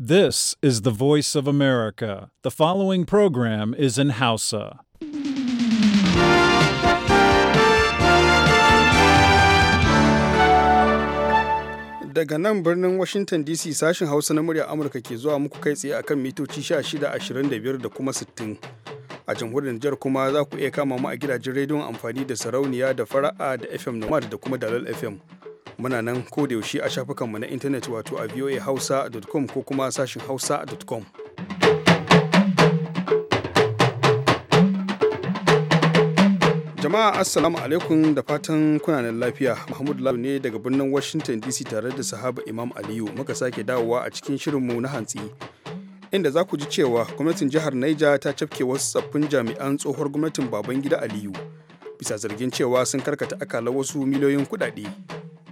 This is the voice of America. The following program is in Hausa. Daga nan birnin Washington DC sashen Hausa na murya Amurka ke zuwa muku kai tsaye akan mitoci 1625 da kuma 60. A jamhuriyar Nijar kuma za ku iya kama mu a gidajen rediyon amfani da sarauniya da fara'a da FM Nomad da kuma Dalal FM. muna nan ko da yaushe a shafukanmu na intanet wato a voahausa.com ko kuma sashin hausa.com jama'a assalamu alaikum da fatan kunanan lafiya mahmud lalu ne daga birnin washington dc tare da sahaba imam aliyu muka sake dawowa a cikin shirin mu na hantsi inda za ku ji cewa gwamnatin jihar Niger ta cafke wasu tsaffin jami'an tsohuwar gwamnatin Babangida Aliyu bisa zargin cewa sun karkata akala wasu miliyoyin kuɗaɗe.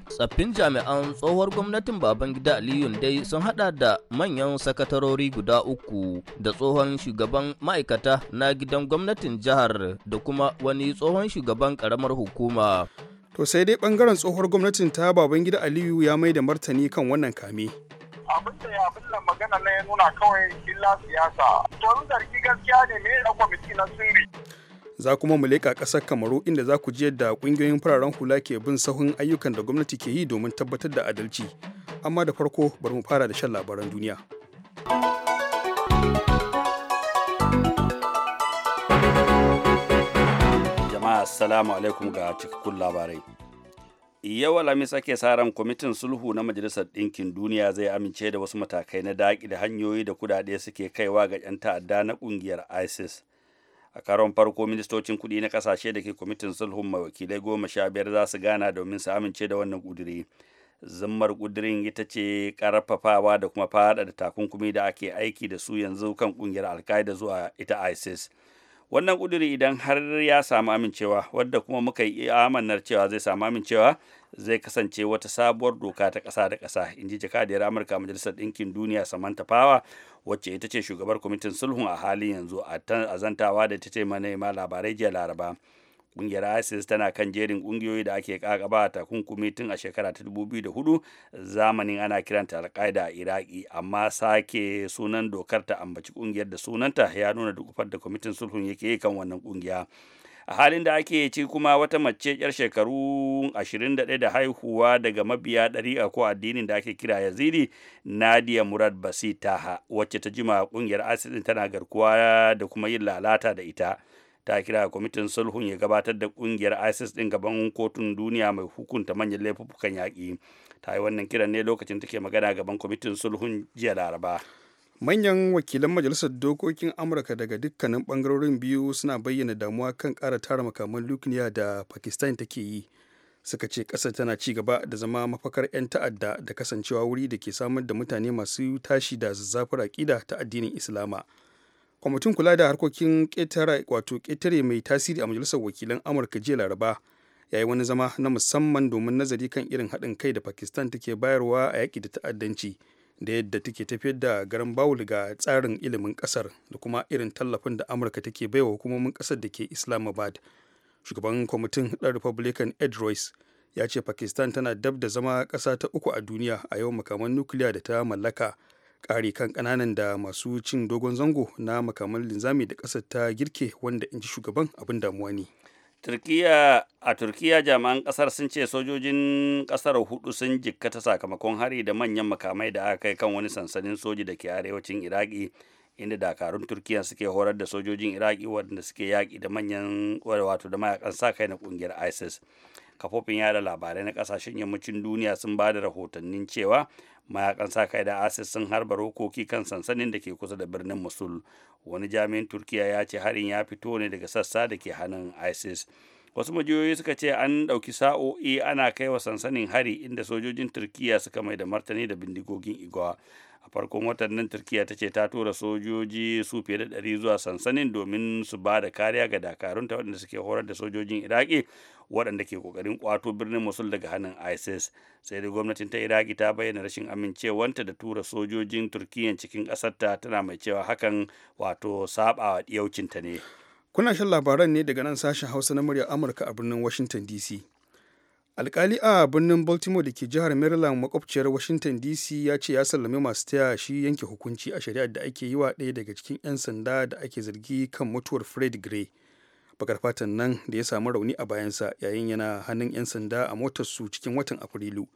tsaffin jami'an tsohuwar gwamnatin babangida aliyu dai sun hada da manyan sakatarori guda uku da tsohon shugaban ma'aikata na gidan gwamnatin jihar da kuma wani tsohon shugaban karamar hukuma to sai dai bangaren tsohuwar gwamnatin ta babangida aliyu ya mai da martani kan wannan kame abin da ya abin nan magana na ya nuna kawai illa siyasa to zargi gaskiya ne me na kwamiti na sirri za kuma mu leƙa ƙasar kamaru inda za ku ji yadda ƙungiyoyin fararen hula ke bin sahun ayyukan da gwamnati ke yi domin tabbatar da adalci amma da farko bari mu fara da shan labaran duniya jama'a assalamu alaikum ga cikakkun labarai yau alhamis ake sa ran kwamitin sulhu na majalisar ɗinkin duniya zai amince da wasu matakai na daƙi da hanyoyi da kudade suke kaiwa ga 'yan ta'adda na ƙungiyar isis a karon farko ministocin kuɗi na ƙasashe da ke kwamitin sulhun mawakilai goma sha biyar za su gana domin su amince da wannan ƙuduri zammar ƙudurin ita ce karfafawa da kuma fada da takunkumi da ake aiki da su yanzu kan ƙungiyar alkaida zuwa ita isis wannan ƙuduri idan har ya samu amincewa wadda kuma muka yi amannar cewa zai samu amincewa zai kasance wata sabuwar doka ta ƙasa da ƙasa in ji jakadiyar amurka majalisar ɗinkin duniya samantha power wacce ita ce shugabar kwamitin sulhun a halin yanzu a zantawa da ta ce manema labarai jiya laraba kungiyar isis tana kan jerin kungiyoyi da ake kakaba a takunkumi tun a shekara ta 2004 zamanin ana kiranta alƙaida a iraki amma sake sunan dokar ta ambaci kungiyar da sunanta ya nuna dukufar da kwamitin sulhun yake yi kan wannan kungiya a halin da ake ci kuma wata mace yar shekaru 21 da haihuwa daga mabiya ɗari a ko addinin da ake kira yazidi nadia murad basitaha wacce ta jima kungiyar asirin tana garkuwa da kuma yin lalata da ita ta kira kwamitin sulhun ya gabatar da kungiyar isis din gaban kotun duniya mai hukunta manyan laifukan yaƙi ta yi wannan kiran ne lokacin take magana gaban kwamitin sulhun jiya laraba manyan wakilan majalisar dokokin amurka daga dukkanin bangarorin biyu suna bayyana damuwa kan kara tara makaman nukiliya da pakistan take yi suka ce kasa tana ci gaba da zama mafakar 'yan ta'adda da kasancewa wuri da ke samar da mutane masu tashi da zazzafar aƙida ta addinin islama kwamitin kula da harkokin ƙetare wato ƙetare mai tasiri a majalisar wakilan amurka jiya laraba ya yi wani zama na musamman domin nazari kan irin haɗin kai da pakistan take bayarwa a yaƙi da ta'addanci da yadda take tafiyar da garin bawul ga tsarin ilimin kasar da kuma irin tallafin da amurka take baiwa hukumomin kasar da ke islamabad shugaban kwamitin ɗan republican ed royce ya ce pakistan tana dab da zama ƙasa ta uku a duniya a yau makaman nukiliya da ta mallaka ƙari kan ƙananan da masu cin dogon zango na makaman linzami da ƙasar ta girke wanda in ji shugaban abin damuwa ne Turkiya a Turkiya jami'an kasar sun ce sojojin kasar hudu sun jikkata sakamakon hari da manyan makamai da aka kai kan wani sansanin soji da ke arewacin Iraki inda dakarun Turkiya suke horar da sojojin Iraki waɗanda suke yaƙi da manyan wato da mayakan sa kai na ƙungiyar ISIS. kafofin yada labarai na kasashen yammacin duniya sun ba da rahotannin cewa mayakan sa kai da asis sun harba rokoki kan sansanin da ke kusa da birnin musul wani jami'in turkiya ya ce harin ya fito ne daga sassa da ke hannun isis wasu majiyoyi suka ce an ɗauki sa'o'i ana kai wa sansanin hari inda sojojin turkiya suka mai da martani da bindigogin igwa a farkon watan nan turkiya ta ce ta tura sojoji su fiye da ɗari zuwa sansanin domin su ba da kariya ga dakarunta waɗanda suke horar da sojojin iraki waɗanda ke kokarin ƙwato birnin musul daga hannun isis sai da gwamnatin ta iraki ta bayyana rashin amincewanta da tura sojojin turkiya cikin ƙasarta tana mai cewa hakan wato saɓawa ɗiyaucinta ne kuna shan labaran ne daga nan sashen hausa na muryar amurka a birnin washington dc alkali a birnin baltimore da ke jihar maryland makwabciyar washington dc ya ce ya sallami masu taya shi yanke hukunci a shari'ar da ake yi wa ɗaya daga cikin 'yan sanda da ake zargi kan mutuwar fred gray bakar fatan nan da ya samu rauni a bayansa yayin yana hannun 'yan sanda a motarsu cikin watan afrilu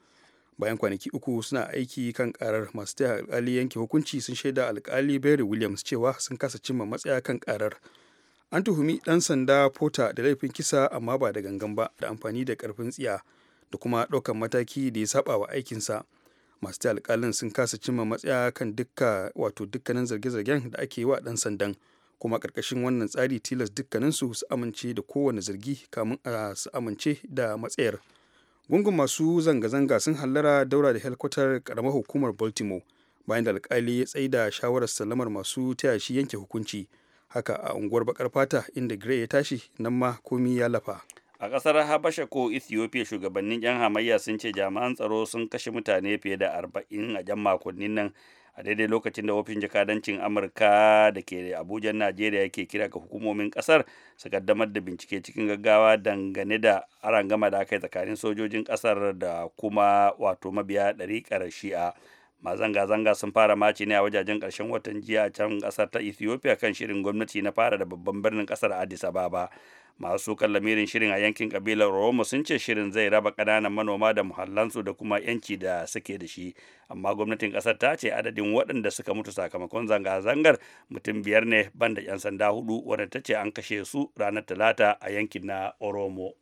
bayan kwanaki uku suna aiki kan karar masu taya alkali yanke hukunci sun shaida alkali barry williams cewa sun kasa cimma matsaya kan karar an tuhumi ɗan sanda pota da laifin kisa amma ba da gangan ba da amfani da ƙarfin tsiya da kuma ɗaukan mataki da ya saba wa aikinsa masu ta alƙalin sun kasa cimma matsaya kan dukka wato dukkanin zarge-zargen da ake yi wa ɗan sandan kuma ƙarƙashin wannan tsari tilas dukkaninsu su amince da kowane zargi kamun a su amince da matsayar gungun masu zanga-zanga sun hallara daura da helkwatar karamar hukumar baltimore bayan da alkali ya tsaida shawarar salamar masu taya shi yanke hukunci haka a unguwar bakar fata inda gray ya tashi nan ma komi ya lafa a kasar habasha ko ethiopia shugabannin yan hamayya sun ce jami'an tsaro sun kashe mutane fiye da arba'in a jan makonnin nan a daidai lokacin da ofishin jakadancin amurka da ke abuja najeriya yake kira ga hukumomin kasar su kaddamar da bincike cikin gaggawa dangane da arangama da aka yi tsakanin sojojin kasar da kuma wato mabiya dari shi'a ma zanga-zanga sun fara maci ne a wajajen ƙarshen watan jiya a can ƙasar ta ethiopia kan shirin gwamnati na fara da babban birnin ƙasar addis ababa masu kan lamirin shirin a yankin kabilar romo sun ce shirin zai raba ƙananan manoma da muhallansu da kuma yanci da suke da shi amma gwamnatin ƙasar ta ce adadin waɗanda suka mutu sakamakon zanga-zangar mutum biyar ne banda 'yan sanda hudu wadda ta ce an kashe su ranar talata a yankin na oromo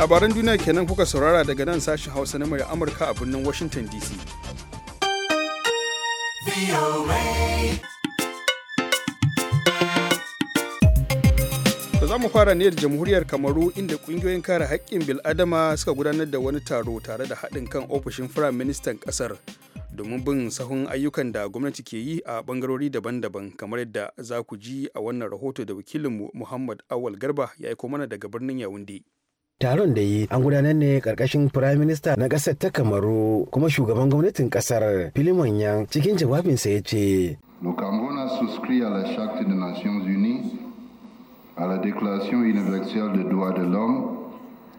labaran duniya kenan kuka saurara daga nan sashen hausa na murya amurka a birnin washington dc da za mu fara ne da jamhuriyar kamaru inda kungiyoyin kare haƙƙin bil'adama suka gudanar da wani taro tare da haɗin kan ofishin firayim ministan ƙasar domin bin sahun ayyukan da gwamnati ke yi a ɓangarori daban-daban kamar yadda za ku ji a wannan rahoto da wakilinmu muhammad awal garba ya aiko mana daga birnin yawunde Taron da yi an gudanar ne karkashin Firayim Minista na ƙasar ta Kamaru kuma shugaban gwamnatin ƙasar Filimon yan cikin jawabinsa ya ce. a la Nations à la Déclaration universelle des droits de l'homme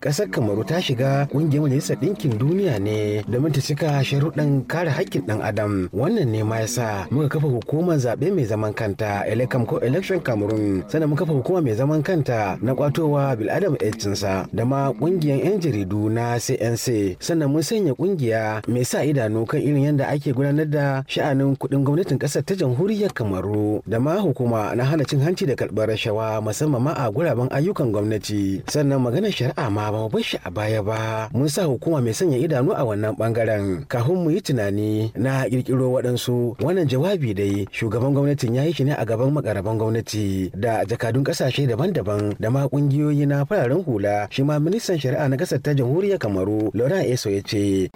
ƙasar kamaru ta shiga ƙungiyar majalisar ɗinkin duniya ne domin ta cika sharuɗan kare haƙƙin ɗan adam wannan ne ma yasa muka kafa hukumar zaɓe mai zaman kanta elekam ko election cameroon sannan muka kafa hukuma mai zaman kanta na kwatowa bil'adam ƴancinsa da ma ƙungiyar 'yan jaridu na cnc sannan mun sanya ƙungiya mai sa idanu kan irin yadda ake gudanar da sha'anin kuɗin gwamnatin ƙasar ta jamhuriyar kamaru da ma hukuma na hana cin hanci da karɓar rashawa musamman ma a guraben ayyukan gwamnati sannan maganar shari'a ma ba mu bar shi a baya ba mun sa hukuma mai sanya idanu a wannan bangaren kafin mu yi tunani na kirkiro waɗansu wannan jawabi dai shugaban gwamnatin ya yi shi ne a gaban makaraban gwamnati da jakadun ƙasashe daban-daban da ma ƙungiyoyi na fararen hula shi ma ministan shari'a na ƙasar ta jamhuriyar kamaru laura eso ya ce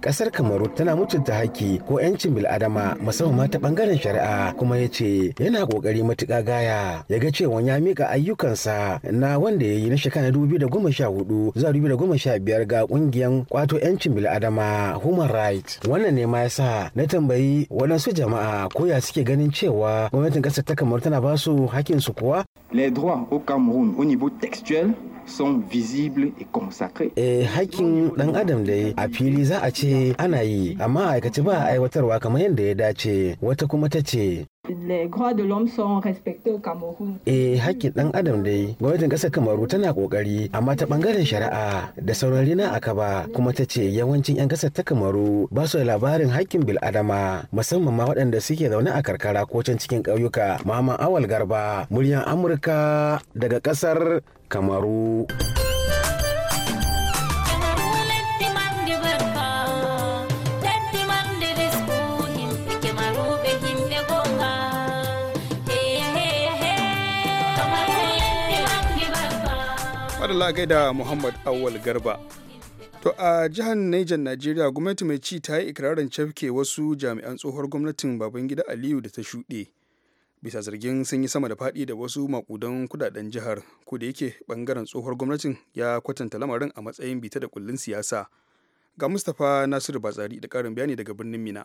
kasar kamaru tana mutunta haƙƙi ko 'yancin bil'adama musamman ma ta bangaren shari'a kuma ya ce yana ƙoƙari matuƙa gaya ya ga cewa ya mika ayyukansa na wanda ya yi na shekara dubu biyu da goma sha hudu zuwa dubu da goma sha biyar ga ƙungiyar kwato 'yancin bil'adama human rights wannan ne ma ya sa na tambayi waɗansu jama'a ko ya suke ganin cewa gwamnatin ƙasar ta kamaru tana ba su haƙƙinsu kuwa Les droits au Cameroun au niveau textuel sont visibles et Eh, hakkin ɗan adam dai a fili za a ce ana yi amma aikace ba a aiwatarwa kamar yadda ya dace wata kuma ta ce les droits de l'homme sont respectés au Cameroun. Eh hakkin dan adam dai gwamnatin kasar Kamaru tana kokari amma ta bangaren shari'a da sauran rina aka ba kuma ta ce yawancin yan kasar ta Kamaru ba su da labarin hakkin bil adama musamman ma waɗanda suke zaune a karkara ko can cikin ƙauyuka. Mama Awal Garba muryan Amurka daga kasar Kamaru. madalla da muhammad awal garba to a jihar niger najeriya gwamnati mai ci ta yi ikirarin cafke wasu jami'an tsohuwar gwamnatin babangida aliyu da ta shuɗe bisa zargin sun yi sama da faɗi da wasu makudan kudaden jihar ko da yake bangaren tsohuwar gwamnatin ya kwatanta lamarin a matsayin bita da kullun siyasa ga mustapha nasiru batsari da ƙarin bayani daga birnin mina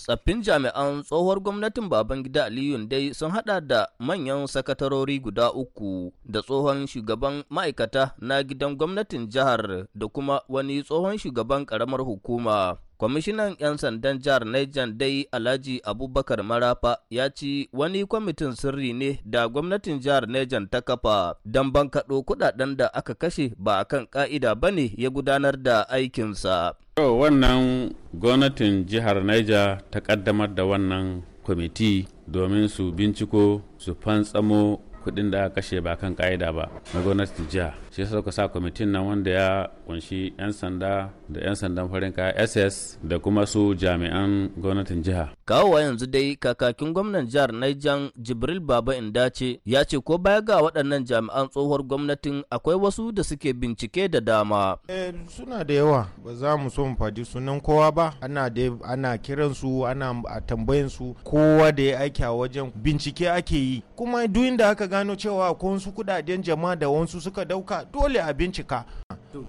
tsaffin jami'an tsohuwar gwamnatin babangida aliyu dai sun hada da manyan sakatarori guda uku da tsohon shugaban ma'aikata na gidan gwamnatin jihar da kuma wani tsohon shugaban karamar hukuma Kwamishinan 'yan sandan jihar Niger dai Alhaji Abubakar Marafa ya ci wani kwamitin sirri ne da gwamnatin jihar Niger ta kafa don bankaɗo kuɗaɗen da aka kashe ba a kan ƙa'ida ba ne ya gudanar da aikinsa. yau Wannan gwamnatin jihar Niger ta ƙaddamar da wannan kwamiti domin su binciko su fantsamo kuɗin da aka kashe ba kan ƙa'ida ba na gwamnatin jihar. shi suka sa kwamitin nan wanda ya kunshi 'yan sanda da 'yan sandan farin kaya ss da kuma su jami'an gwamnatin jiha kawowa yanzu dai kakakin gwamnan jihar naijan jibril baba inda ce ya ce ko baya ga waɗannan jami'an tsohuwar gwamnatin akwai wasu da suke bincike da dama eh, suna da yawa ba za mu so mu faɗi sunan kowa ba ana da ana kiran su ana tambayan su kowa da ya aiki a wajen bincike ake yi kuma duk inda aka gano cewa akwai wasu kuɗaɗen jama'a da wasu suka dauka dole a bincika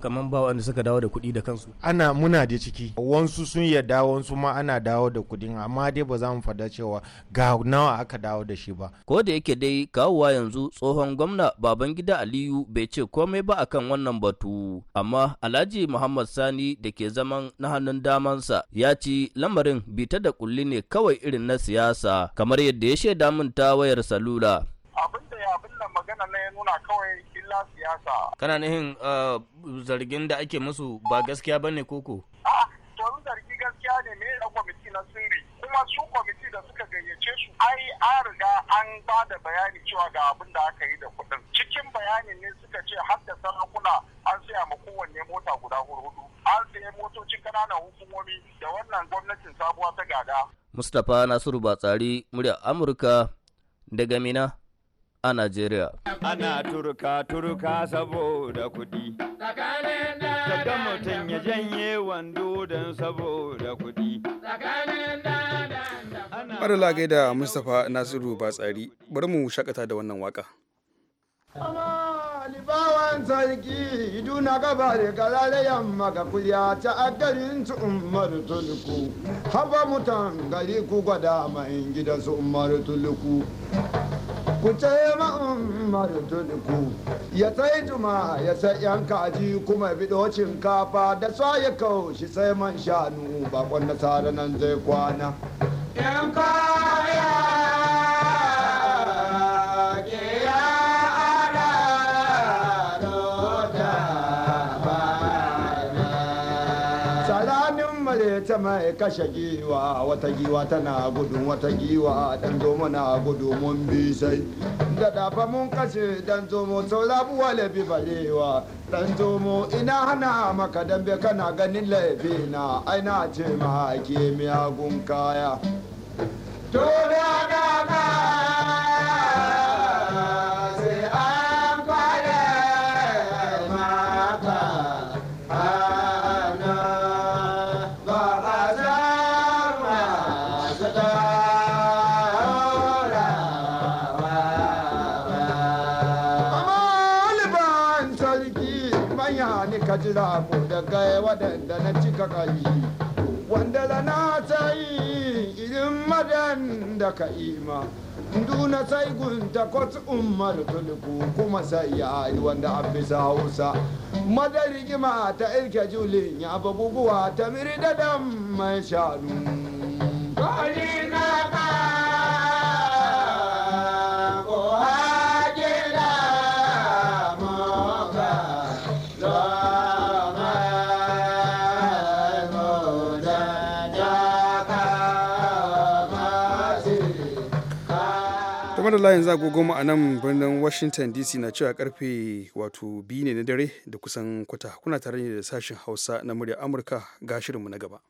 kamar ba wanda suka dawo da kuɗi da kansu ana muna da ciki wansu sun yarda wansu ma ana dawo da kuɗin amma dai ba za mu fada cewa ga nawa aka dawo da shi ba ko da yake dai kawowa yanzu tsohon gwamna babangida aliyu bai ce komai ba akan wannan batu amma alhaji muhammad sani da ke zaman na hannun damansa ya ci lamarin bita da kulli ne kawai irin na siyasa kamar yadda ya shaida min ta wayar salula abin da magana na ya nuna kawai illa siyasa. Kana nihin uh, zargin da ake musu ba gaskiya ba ne koko? A, to zargi gaskiya ne ne na kwamiti na sirri. Kuma su kwamiti da suka gayyace su ai an riga an ba da bayani cewa ga abin da aka yi da kuɗin. Cikin bayanin ne suka ce har da sarakuna an saya ma kowanne mota guda hudu. An sayi motocin ƙananan hukumomi da wannan gwamnatin sabuwa ta gada. Mustapha Nasiru Batsari, murya Amurka daga Mina. a Najeriya. Ana turka turka saboda kuɗi. Daga mutum ya janye wando don saboda kuɗi. Madala gaida Mustapha Nasiru Batsari, bari mu shakata da wannan waka. Ama sarki sarki na gaba da galare yamma ga kulya ta agarin su umar tuluku haba mutan gari ku gwada mai gida su umar tuluku. ku ce ma'ammar tudku ya sai juma ya sai yan kaji kuma biɗo shinkafa da sa ya kaushi sai man shanu bakon nasara nan zai kwana yan kaya ta mai kashe giwa wata giwa tana gudu wata giwa dan zomo na gudu mun bi sai da dafa mun kashe dan zomo sau rabuwa laifi balewa dan zomo ina hana maka dambe kana ganin laifi na aina ce ma ke miyagun kaya to da ka ima duna sai gunta kwatsu ummar tuliku kuma sai ya yi wanda an hausa madar rigima ta irke julin ya babuguwa ta miri da dam mai shanu. Kali na madalla da agogo mu a nan birnin washington dc na cewa karfe wato biyu ne na dare da kusan kwata kuna tare ne da sashen hausa na murya amurka ga shirinmu na gaba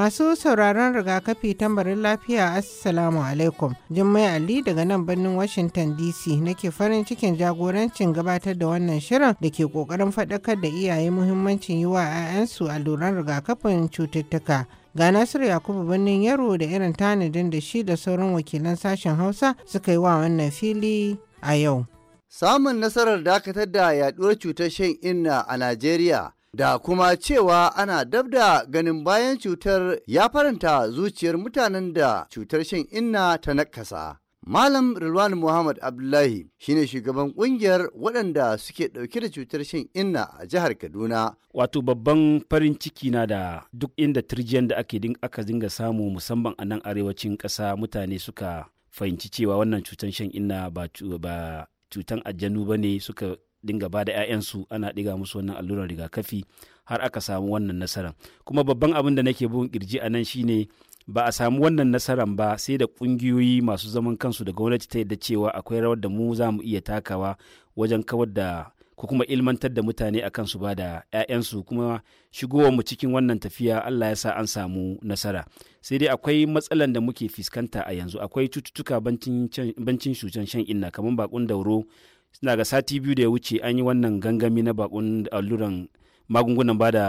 Masu sauraron rigakafi tambarin lafiya Assalamu alaikum. Jummai Ali daga nan birnin Washington DC nake farin cikin jagorancin gabatar da wannan shirin da ke kokarin faɗakar da iyaye muhimmancin yi wa 'ya'yansu alluran rigakafin cututtuka. Ga Nasiru Yakubu birnin Yaro da irin tanadin da shi da sauran wakilan sashen Hausa suka yi wa wannan fili a yau. Samun nasarar dakatar da yaduwar cutar shan inna a Najeriya da kuma cewa ana dabda ganin bayan cutar ya faranta zuciyar mutanen da cutar shan inna ta nakasa. Malam Rilwan Muhammad Abdullahi shine shugaban kungiyar waɗanda suke ɗauke da cutar shan inna a jihar Kaduna. Wato babban farin ciki na da duk inda turjiyan da ake aka dinga samu musamman a nan arewacin ƙasa mutane suka fahimci cewa wannan cutar shan inna ba, ba cutan aljanu ba ne suka dinga ba da 'ya'yansu ana diga musu wannan allurar rigakafi har aka samu wannan nasaran kuma babban abin da nake bugun kirji a nan shine ba a samu wannan nasaran ba sai da ƙungiyoyi masu zaman kansu da gwamnati ta yadda cewa akwai rawar da mu za mu iya takawa wajen kawar da ko kuma ilmantar da mutane akan su ba da 'ya'yansu kuma shigowar mu cikin wannan tafiya Allah ya sa an samu nasara sai dai akwai matsalan da muke fiskanta a yanzu akwai cututtuka bancin shan inna kamar bakun dauro suna ga sati biyu da ya wuce an yi wannan gangami na bakon alluran magungunan ba da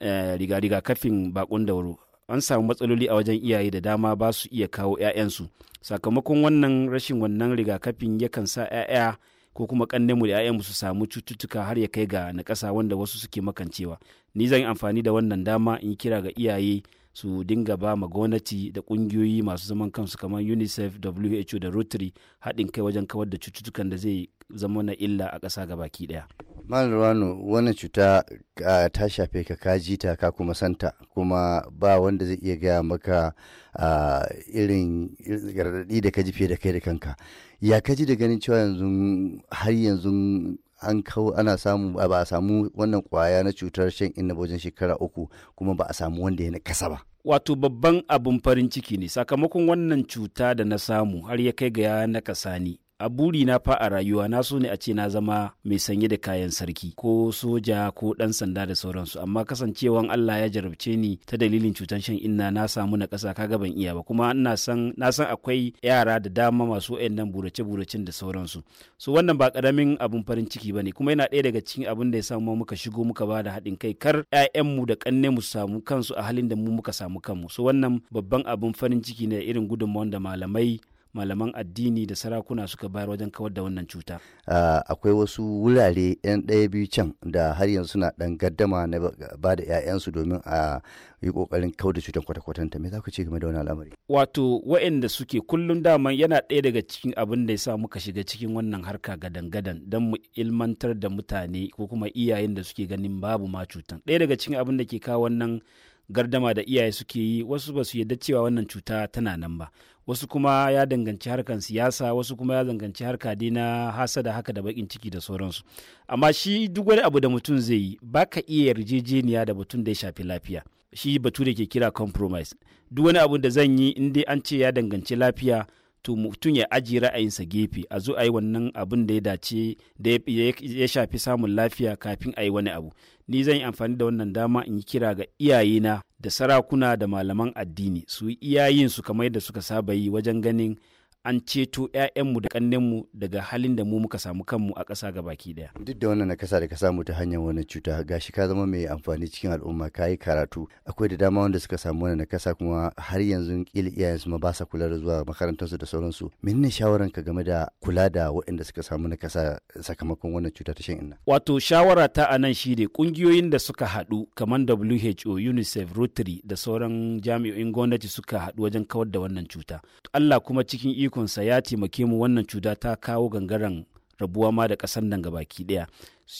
eh, riga kafin bakon dauro an samu matsaloli a wajen iyaye da dama ba su iya kawo 'ya'yansu sakamakon wannan rashin wannan rigakafin yakan sa 'ya'ya ko kuma mu da 'ya'yanmu su samu cututtuka har ya kai ga na wanda wasu suke makancewa ni zan yi amfani da wannan dama in kira ga iyaye su dinga ba ma gwamnati da kungiyoyi masu zaman kansu kamar unicef who da rotary haɗin kai wajen kawar da cututtukan da zai zama na illa a ƙasa gabaki ɗaya malam wannan cuta ta shafe ka ka ta ka kuma santa kuma ba wanda zai iya gaya maka irin gargaɗi da ka ji fiye da kai da kanka ya ka ji da ganin cewa yanzu har yanzu an kau ana samu ba a samu wannan kwaya na cutar shan inna wajen shekara uku kuma ba a samu wanda ya nakasa ba wato babban abin farin ciki ne sakamakon wannan cuta da na samu har ya kai ga ya kasa ni a buri na fa a rayuwa na so ne a ce na zama mai sanye da kayan sarki ko soja ko dan sanda da sauransu amma kasancewan Allah ya jarabce ni ta dalilin cutar shan inna na samu na kasa kaga ban iya ba kuma ina san na san akwai yara da dama masu nan burace buracin da sauransu so wannan ba karamin abun farin ciki bane kuma yana ɗaya daga cikin abin da ya samu muka shigo muka ba da haɗin kai kar mu da kanne mu samu kansu a halin da mu muka samu kanmu so wannan babban abun farin ciki ne irin gudunmawar da malamai malaman addini da sarakuna suka bayar wajen kawar da wannan cuta. akwai wasu wurare 'yan ɗaya biyu can da har yanzu suna ɗan gaddama na ba da 'ya'yansu domin a yi ƙoƙarin kawar da cutar kwata ta me za ku ce game da wani al'amari. wato wa'inda suke kullum daman yana ɗaya daga cikin abin da ya sa muka shiga cikin wannan harka gadan-gadan don mu ilmantar da mutane ko kuma iyayen da suke ganin babu ma cutan ɗaya daga cikin abin da ke kawo wannan gardama da iyaye suke yi wasu ba su yadda cewa wannan cuta tana nan ba wasu kuma ya danganci harkan siyasa wasu kuma ya danganci harka dai na hasada haka da bakin ciki da sauransu amma shi duk wani abu da mutum zai yi ba ka iya yarjejeniya da mutum da ya shafi lafiya shi batu da ke kira compromise duk wani abu da zan yi in dai an ce ya danganci lafiya to mutum ya aji ra'ayinsa gefe a zo a yi wannan abin da ya dace da ya shafi samun lafiya kafin a yi wani abu ni zan yi amfani da wannan dama in yi kira ga iyayena da sarakuna da malaman addini su iyayen su kamar yadda suka saba yi wajen ganin an ceto 'ya'yanmu da ƙannenmu daga halin da mu muka samu kanmu a ƙasa ga baki ɗaya. Duk da wannan nakasa da ka samu ta hanyar wannan cuta gashi ka zama mai amfani cikin al'umma ka yi karatu akwai da dama wanda suka samu wannan nakasa kuma har yanzu ƙila iyayensu ma ba sa kula da zuwa makarantarsu da sauransu. Menene shawaran ka game da kula da waɗanda suka samu nakasa sakamakon wannan cuta ta shan inna? Wato shawara ta a nan shine ƙungiyoyin da suka haɗu kamar WHO, UNICEF, Rotary da sauran jami'o'in gwamnati suka haɗu wajen kawar da wannan cuta. Allah kuma cikin ikonsa ya taimake mu wannan cuta ta kawo gangaren rabuwa ma da ƙasar nan baki ɗaya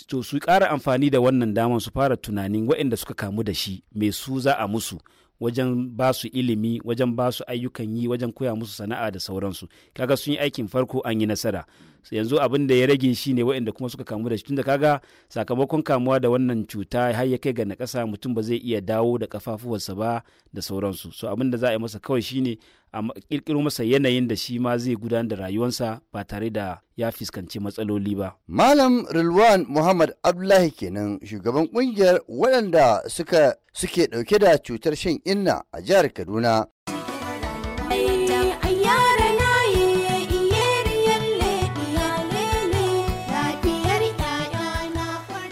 to su ƙara amfani da wannan daman su fara tunanin waɗanda suka kamu da shi me su za a musu wajen ba su ilimi wajen ba su ayyukan yi wajen koya musu sana'a da sauransu kaga sun yi aikin farko an yi nasara yanzu abin da ya rage shi ne waɗanda kuma suka kamu da shi tunda kaga sakamakon kamuwa da wannan cuta har ya kai ga na ƙasa mutum ba zai iya dawo da kafafuwarsa ba da sauransu so abin da za a yi masa kawai shi ne a kirkiro masa yanayin da shi ma zai gudanar da rayuwarsa ba tare da ya fuskanci matsaloli ba. Malam Rilwan Muhammad Abdullahi kenan shugaban kungiyar waɗanda suka suke ɗauke da cutar shan inna a jihar Kaduna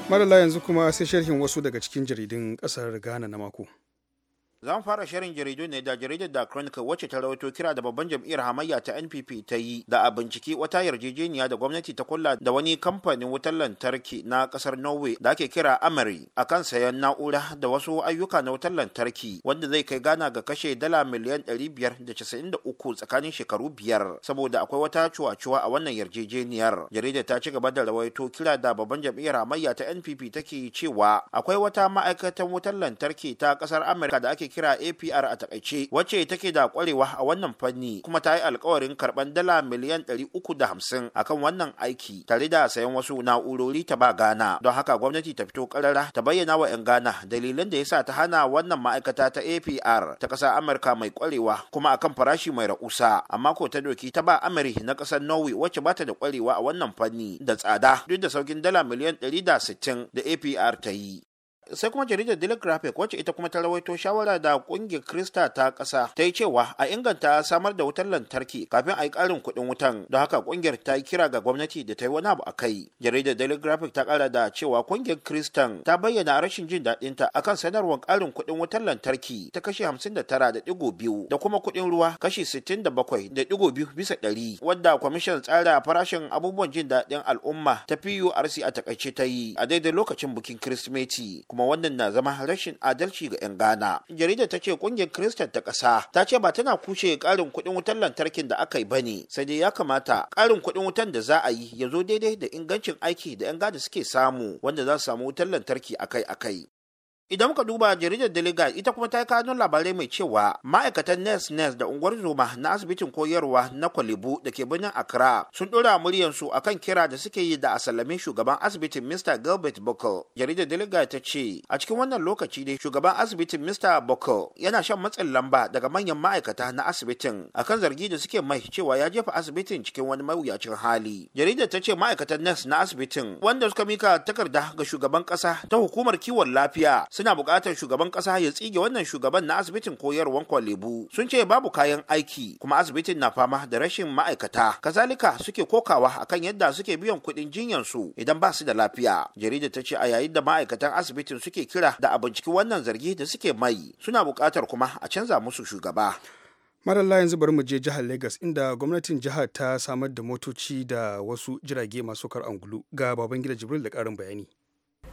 madalla yanzu kuma sai sharhin wasu daga cikin jaridun ƙasar ghana na mako zan fara shirin jaridu ne da jaridar da chronicle wacce ta rawaito kira da babban jam'iyyar hamayya ta npp ta yi da a bincike wata yarjejeniya da gwamnati ta kulla da wani kamfanin wutar lantarki na kasar norway da ake kira amari akan sayan na'ura da wasu ayyuka na wutar lantarki wanda zai kai gana ga kashe dala miliyan 593 tsakanin shekaru biyar saboda akwai wata cuwacuwa a wannan yarjejeniyar jaridar ta ci gaba da rawaito kira da babban jam'iyyar hamayya ta npp take cewa akwai wata ma'aikatan wutar lantarki ta kasar amurka da ake kira APR a takaice wacce take da kwarewa a wannan fanni kuma ta yi alkawarin karban dala miliyan 350 akan wannan aiki tare da sayan wasu na'urori ta ba Ghana don haka gwamnati ta fito karara ta bayyana wa 'yan Ghana dalilan da yasa ta hana wannan ma'aikata ta APR ta ƙasa Amurka mai kwarewa kuma akan farashi mai raƙusa. amma ko ta doki ta ba Amari na ƙasar Norway wacce bata da kwarewa a wannan fanni da tsada duk da saukin dala miliyan 160 da APR ta yi. sai kuma jaridar daily graphic wacce ita kuma ta rawaito shawara da kungiyar krista ta ƙasa, ta yi cewa a inganta samar da wutar lantarki kafin a yi karin kuɗin wutan don haka kungiyar ta yi kira ga gwamnati da ta yi wani abu a kai jaridar daily graphic ta kara da cewa kungiyar kristan ta bayyana rashin jin daɗin ta akan sanarwar karin kuɗin wutar lantarki ta kashi hamsin da tara da digo biyu da kuma kuɗin ruwa kashi sittin da bakwai da digo biyu bisa ɗari wadda kwamishin tsara farashin abubuwan jin daɗin al'umma ta purc a takaice ta yi a daidai lokacin bukin kirsimeti kuma wannan na zama rashin adalci ga 'yan gana Jarida ta ce kungiyar Kiristan ta ƙasa ta ce ba tana kushe ƙarin kuɗin wutar lantarkin da aka yi ba ne, sai dai ya kamata ƙarin kuɗin wutan da za a yi ya zo daidai da ingancin aiki da 'yan Ghana suke samu wanda za su samu wutar lantarki akai-akai. Idan muka duba jaridar Delegate ita kuma ta yi kanun labarai mai cewa ma'aikatan Ness Ness da unguwar zoma na asibitin koyarwa na Kwalibu da ke birnin Accra sun ɗora muryansu akan kira da suke yi da asalami shugaban asibitin Mr. Gilbert Buckle. Jaridar Delegate ta ce a cikin wannan lokaci dai shugaban asibitin Mr. Buckle yana shan matsin lamba daga manyan ma'aikata na asibitin akan zargi da suke mai cewa ya jefa asibitin cikin wani mawuyacin hali. Jaridar ta ce ma'aikatan Ness na asibitin wanda suka mika takarda ga shugaban ƙasa ta hukumar kiwon lafiya suna buƙatar shugaban ƙasa ya tsige wannan shugaban na asibitin koyarwan kwalebu sun ce babu kayan aiki kuma asibitin na fama da rashin ma'aikata kazalika suke kokawa akan yadda suke biyan kuɗin jinyan su idan ba su da lafiya jarida ta ce a yayin da ma'aikatan asibitin suke kira da a binciki wannan zargi da suke mai suna buƙatar kuma a canza musu shugaba maralla yanzu bari mu je jihar lagos inda gwamnatin jihar ta samar da motoci da wasu jirage masu kar angulu ga babangida jibril da ƙarin bayani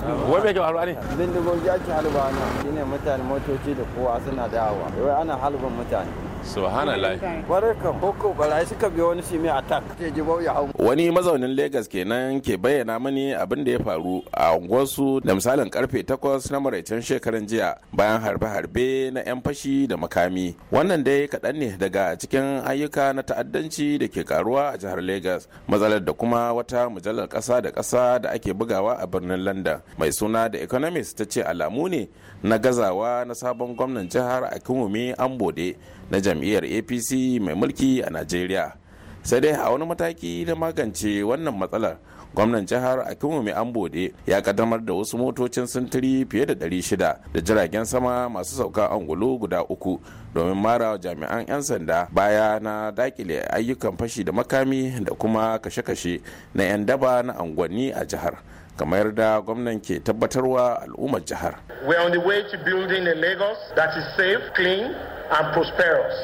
wai bai gaba ne bindigogi ake halba shine mutane motoci da kowa suna dawowa wai ana halban mutane subhanallah barka boko shi ka biyo wani shi mai attack ke bau ya hau wani mazaunin lagos kenan ke bayyana mani abin da ya faru a unguwarsu da misalin karfe 8 na maraicen shekaran jiya bayan harbe-harbe na 'yan fashi da makami wannan dai kaɗan ne daga cikin ayyuka na ta'addanci da ke karuwa a jihar lagos matsalar da kuma wata mujallar ƙasa da ƙasa da ake bugawa a birnin london mai suna da economist ta ce alamu ne na gazawa na sabon gwamnan jihar a an ambode na jam'iyyar apc mai mulki a najeriya sai dai a wani mataki na magance wannan matsalar gwamnan jihar akinwumi ambode ya kaddamar da wasu motocin sintiri fiye da 600 da jiragen sama masu sauka angulu guda uku domin mara jami'an 'yan sanda baya na dakile ayyukan fashi da makami da kuma kashe-kashe na 'yan daba na angwanni a jihar kamar da gwamnan ke tabbatarwa al'ummar jihar. We are on the way to building a Lagos that is safe, clean and prosperous.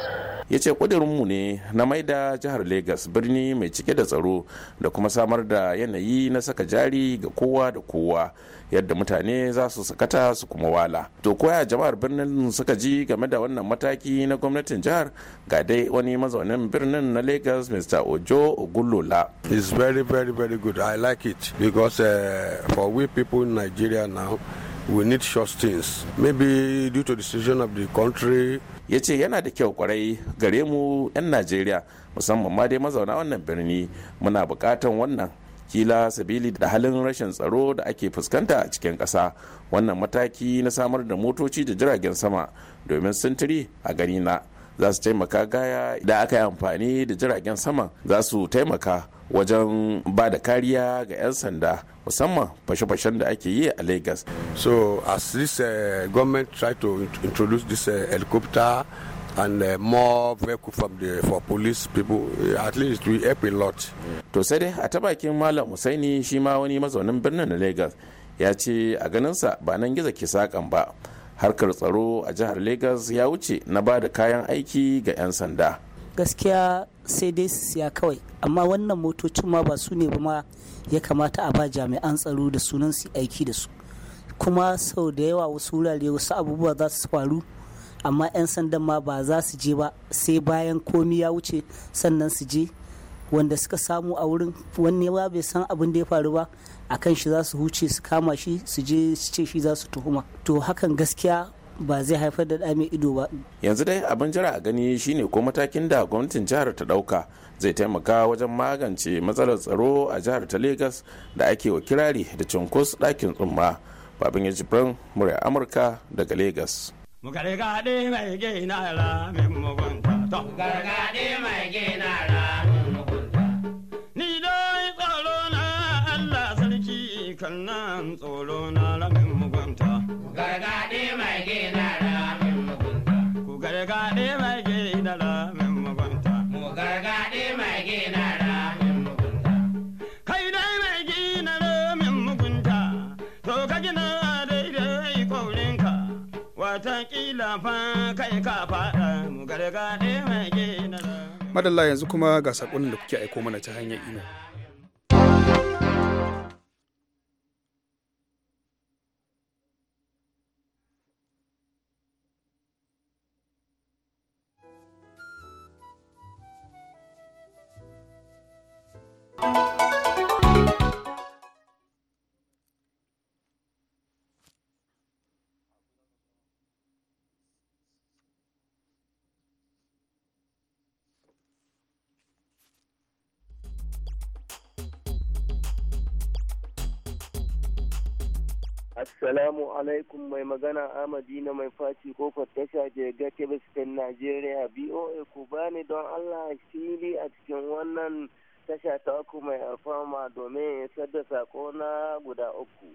ya ce mu ne na maida jihar lagos birni mai cike da tsaro da kuma samar da yanayi na saka jari ga kowa da kowa yadda mutane za su sakata su kuma wala to koya jama'ar birnin suka ji game da wannan mataki na gwamnatin jihar ga dai wani mazaunin birnin na lagos mr ojo ogunlola. is very very very good i like it because uh, for we people in nigeria now we need short things maybe due to the decision of the country ya ce yana da kyau kwarai gare mu 'yan najeriya musamman ma dai mazauna wannan birni muna bukatan wannan kila sabili da halin rashin tsaro da ake fuskanta a cikin ƙasa wannan mataki na samar da motoci da jiragen sama domin sintiri a gani na za su taimaka gaya idan aka yi amfani da jiragen sama za su taimaka wajen ba da kariya ga 'yan sanda musamman fashe-fashen da ake yi a lagos so as this uh, government try to introduce this uh, helicopter and uh, more vehicle from the for police people at least we help a lot to sai dai a ta bakin malam husaini shi ma wani mazaunin birnin na lagos ya ce a ganinsa ba nan gizo ke sakan ba harkar tsaro a jihar lagos ya wuce na ba da kayan aiki ga 'yan sanda gaskiya sai dai su siya kawai amma wannan motocin ma ba su ne ba ma ya kamata a ba jami'an tsaro da sunan su aiki da su kuma sau da yawa wasu wurare wasu abubuwa za su faru amma 'yan sandan ma ba za su je ba sai bayan komi ya wuce sannan su je wanda suka samu a wurin wani ba bai san abin da ya faru ba a kan shi za su huce su kama shi su je su ce shi za su tuhuma to hakan gaskiya ba zai haifar da mai ido ba yanzu dai abin jira a gani shine ko matakin da gwamnatin jihar ta ɗauka zai taimaka wajen magance matsalar tsaro a jihar ta lagos da ake wa kirari da cunkus ɗakin tsumma babin ya jibrin murya amurka daga lagos madalla yanzu kuma ga sakonin da kuke aiko mana ta hanyar ino thank you Assalamu alaikum mai magana na mai faci ko tasha ga Kebistin Najeriya BOA ku bani don Allah shiri a cikin wannan tasha ta uku mai alfama domin isar da sako na guda uku.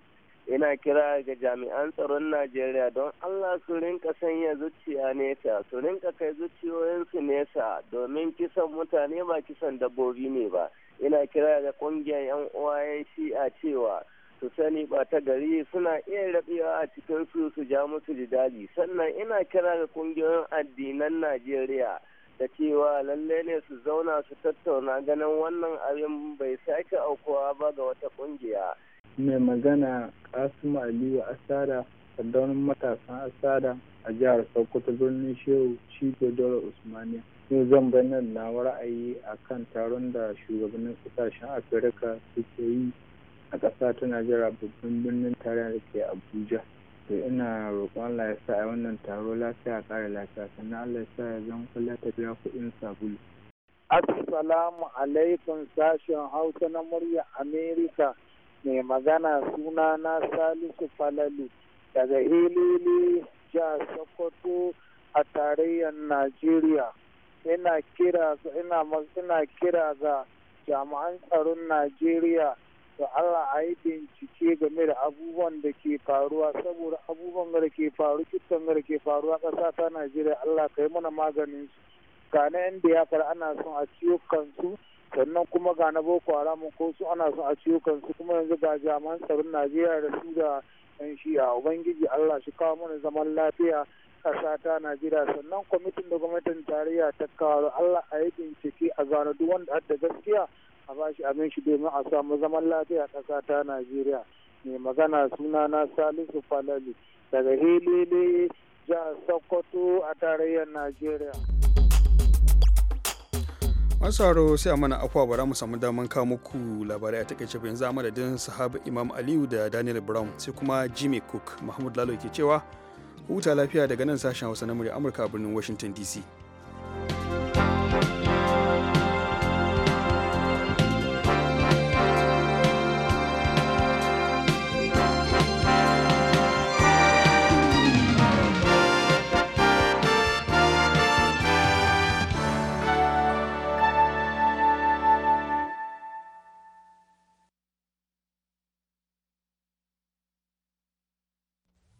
Ina kira ga jami'an tsaron Najeriya don Allah su rinka sanya zuciya nesa, su rinka kai zuciyoyinsu nesa domin kisan mutane ba kisan dabbobi ne ba. Ina kira ga ƙungiyar 'yan uwa ya a cewa su sani ba ta gari suna iya rabewa a cikin su su ja musu jidali sannan ina kira ga kungiyoyin addinan najeriya da cewa lallai ne su zauna su tattauna ganin wannan abin bai sake aukuwa ba ga wata kungiya mai magana kasu aliyu asada sardaunin matasan asada a jihar sokoto birnin shehu cigo dole usmaniya yau zan bayyana na ra'ayi kan taron da shugabannin kasashen afirka suke yi a ƙasa ta najeriya babban birnin tarayya da ke abuja to ina roƙon allah ya sa a wannan taro lafiya ƙara lafiya sannan allah ya sa ya zan kula ta biya kuɗin sabulu. assalamu alaikum sashen hausa na murya amerika mai magana suna na salisu falalu daga hilili jihar sokoto a tarayyar najeriya ina kira ga jami'an tsaron najeriya to Allah a yi bincike game da abubuwan da ke faruwa saboda abubuwan da ke faru kittan da ke faruwa ƙasa ta Najeriya Allah ka yi mana maganin su ga na yan biyafar ana son a ciyo kansu sannan kuma ga na Boko Haram ko su ana son a ciyo kansu kuma yanzu ga jami'an tsaron Najeriya da su da yan shi'a ubangiji Allah shi kawo mana zaman lafiya ƙasa ta Najeriya sannan kwamitin da gwamnatin tarayya ta kawo Allah a yi bincike a gano duk wanda da gaskiya a ba shi abin shi domin a samu zaman lafiya ƙasa ta najeriya mai magana suna na salisu falali daga helele jihar sokoto a tarayyar najeriya masaro sai a mana akwa bara mu samu daman kawo muku labarai a takaice bayan za madadin sahaba imam aliyu da daniel brown sai kuma jimmy cook mahmud lalo ke cewa huta lafiya daga nan sashen hausa na murya amurka a birnin washington dc